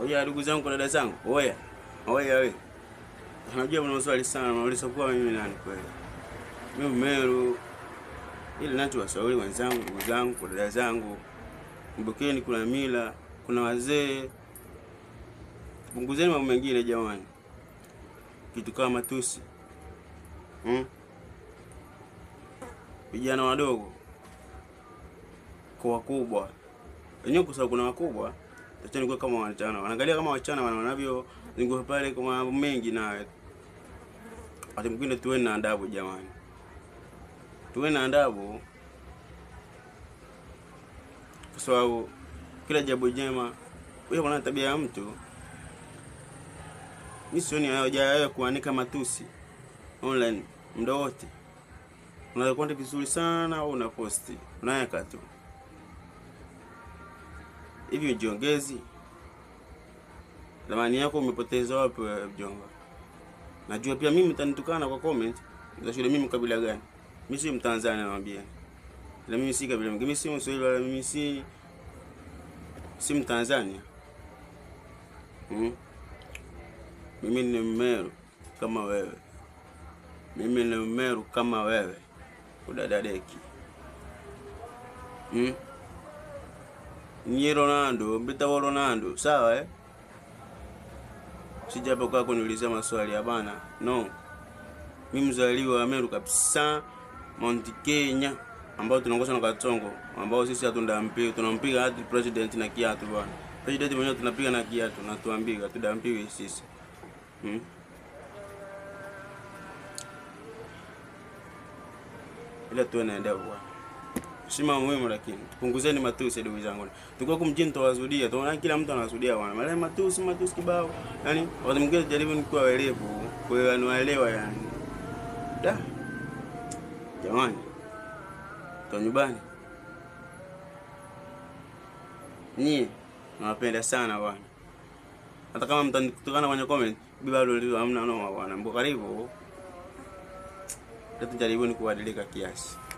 Oya ndugu zangu na dada zangu, oya oya, we unajua kuna maswali sana naulizakuwa mimi nani kweli, mimi Meru, ili nacho washauri wenzangu, ndugu zangu, kwa dada zangu, mbukeni kuna mila, kuna wazee, punguzeni mambo mengine jamani, kitu kama matusi hmm? vijana wadogo kwa wakubwa wenyewe, kwa sababu kuna wakubwa Acha nikuwe kama wanachana Wanaangalia kama wachana wanavyo nikuwe pale kwa mambo mengi na wakati mwingine tuwe na adabu jamani. Tuwe na adabu kwa sababu kila jambo jema wewe kuna tabia ya mtu mimi sioni haja kuanika matusi online muda wote. Unakwenda vizuri sana au unaposti, unaweka tu hivi ujiongezi thamani yako umepoteza wapi mjomba? Najua pia mimi mtanitukana kwa comment za shule. Mimi kabila gani? Mimi si Mtanzania, nawaambia na mimi si kabila, mimi si Mswahili wala mimi si si Mtanzania hmm? Mimi ni Mmeru kama wewe, mimi ni Mmeru kama wewe, udadadeki hmm? nye Ronaldo, mbita wa Ronaldo, sawa eh? Sija hapa kwako niulizia maswali bana. No. Mimi mzaliwa wa Meru kabisa, Mount Kenya ambao tunaongoza na Katongo, ambao sisi hatunda mpira, tunampiga hadi president na kiatu bwana. President mwenyewe tunapiga na kiatu na tuambiwa tudampiwe sisi. Hmm? Ila tuwe naenda bwana. Heshima muhimu, lakini tupunguzeni matusi ndugu zangu. Tulikuwa kumjini mjini tuwazudia, tunaona kila mtu anazudia bwana. Mara matusi matusi kibao. Yaani watu mwingine jaribu ni kuwa welevu, kuelewa ni waelewa yani. Da. Jamani. Tuko nyumbani. Ni nawapenda sana bwana. Hata kama mtanikutana kwenye comment, bado leo hamna noma bwana. Mko karibu. Tutajaribu ni kuadilika kiasi.